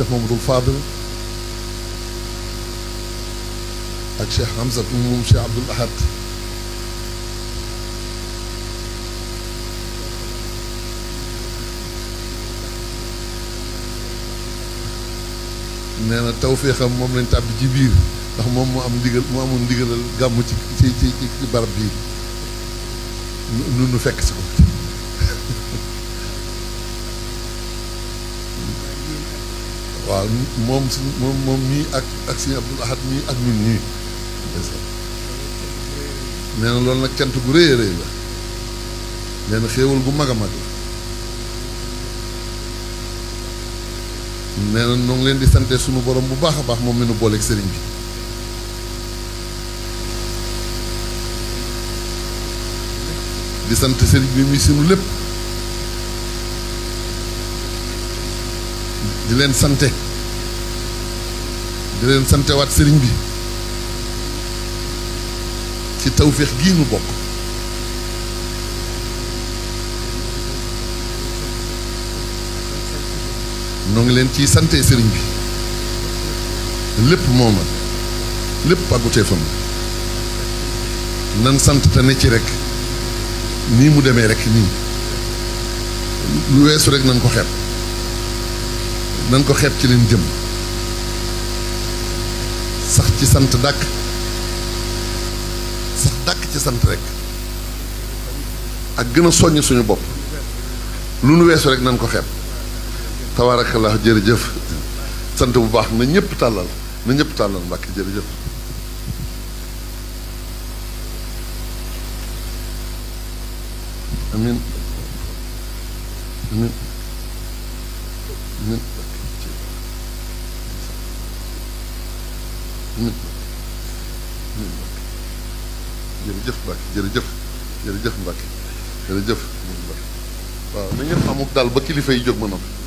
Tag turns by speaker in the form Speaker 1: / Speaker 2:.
Speaker 1: الشيخ محمود الفاضل اك الشيخ حمزه بن شيخ عبد الاحد نانا توفيق ام مام لن تاب جي بير دا مام مو ام ديغال مو امون ديغال غام تي تي تي بارب بي نونو فك سكو waaw moom si moom moom mii ak ak sëñ Abdul Ahad mii ak ñun nii nee na loolu nag cant gu rëy a rëy la nee xéewal gu mag a mag la nee na ñoo ngi leen di sante suñu borom bu baax a baax moom mi nu booleeg sëriñ bi di sant sëriñ bi muy suñu lépp di leen sante di leen santewaat sëriñ bi ci tawféex gii nu bokk noo ngi leen ciy santee sëriñ bi lépp mooma lépp pàgguteefam nan sant te ne ci rekk nii mu demee rek nii lu weesu rek nan ko xeeb nan ko xeeb ci leen jëm sax ci sant dàkk sax dàkk ci sant rek ak gën a soññ suñu bopp lu nu weesu rek nan ko xeeb tabaarakallah jërëjëf sant bu baax na ñëpp tàllal na ñëpp tàllal mbàkk jërëjëf amin amin nit ñi nit ñi jërëjëf Mbacke jërëjëf jërëjëf Mbacke jërëjëf waaw na ngeen amuk daal ba kilifa yi jóg ma noppi